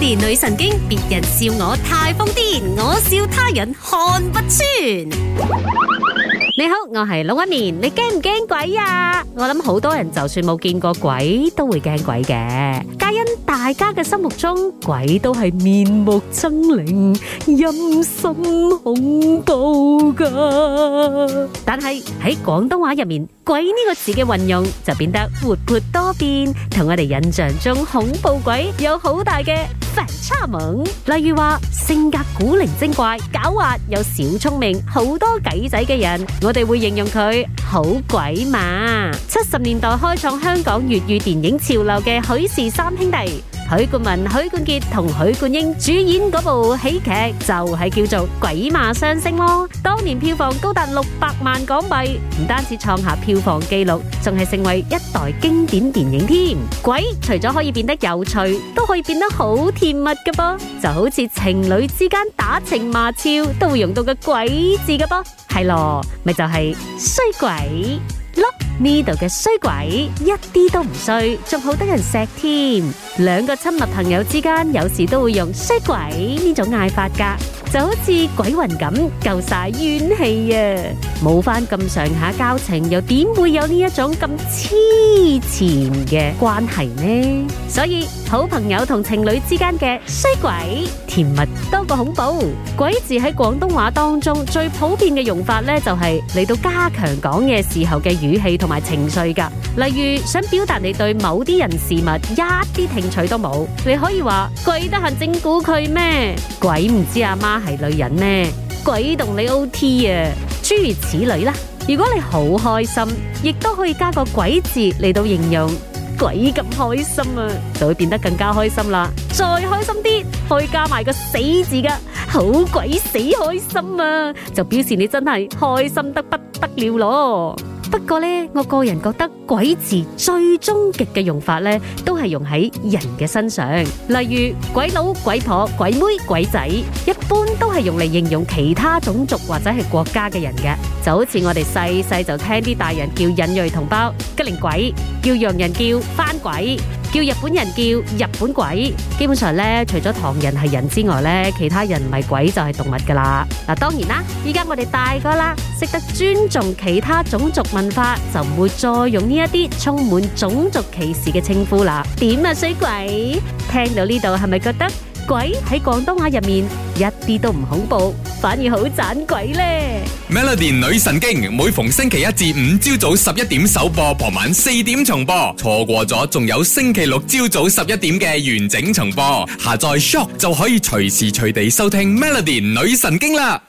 年女神經，別人笑我太瘋癲，我笑他人看不穿。你好，我係 Melody，你驚唔驚鬼呀？我諗好多人就算冇見過鬼，都會驚鬼嘅。皆因大家嘅心目中鬼都係面目猙獰、陰森恐怖噶。但係喺廣東話入面，鬼呢個字嘅運用就變得活潑多變，同我哋印象中恐怖鬼有好大嘅。差萌，例如話性格古靈精怪、狡猾有小聰明、好多鬼仔嘅人，我哋會形容佢好鬼馬。七十年代開創香港粵語電影潮流嘅許氏三兄弟，許冠文、許冠傑同許冠英主演嗰部喜劇就係叫做《鬼馬雙星》咯。當年票房高達六百萬港幣，唔單止創下票房紀錄，仲係成為一代經典電影添。鬼除咗可以變得有趣，都可以變得好甜蜜嘅噃，就好似情侶之間打情罵俏都會用到個鬼字嘅噃，係咯，咪就係、是、衰鬼。碌呢度嘅衰鬼一啲都唔衰，仲好得人錫添。兩個親密朋友之間有時都會用衰鬼呢種嗌法噶，就好似鬼魂咁，夠晒怨氣啊！冇返咁上下交情，又點會有呢一種咁痴纏嘅關係呢？所以，好朋友同情侶之間嘅衰鬼，甜蜜多過恐怖。鬼字喺廣東話當中最普遍嘅用法呢，就係嚟到加強講嘢時候嘅語氣同埋情緒噶。例如想表達你對某啲人事物一啲興趣都冇，你可以話鬼得閒整蠱佢咩？鬼唔知阿媽係女人咩？鬼同你 OT 啊？諸如此類啦。如果你好開心，亦都可以加個鬼字嚟到形容。鬼咁開心啊，就會變得更加開心啦！再開心啲，可加埋個死字㗎，好鬼死開心啊！就表示你真係開心得不得了咯～不過呢，我個人覺得鬼字最終極嘅用法呢，都係用喺人嘅身上。例如鬼佬、鬼婆、鬼妹、鬼仔，一般都係用嚟形容其他種族或者係國家嘅人嘅。就好似我哋細細就聽啲大人叫印裔同胞吉靈鬼，叫洋人叫番鬼。叫日本人叫日本鬼，基本上呢，除咗唐人係人之外呢，其他人唔係鬼就係動物噶啦。嗱，當然啦，依家我哋大個啦，識得尊重其他種族文化，就唔會再用呢一啲充滿種族歧視嘅稱呼啦。點啊衰鬼！聽到呢度係咪覺得？鬼喺廣東話入面一啲都唔恐怖，反而好盞鬼呢。Melody 女神經每逢星期一至五朝早十一點首播，傍晚四點重播，錯過咗仲有星期六朝早十一點嘅完整重播。下載 shop 就可以隨時隨地收聽 Melody 女神經啦。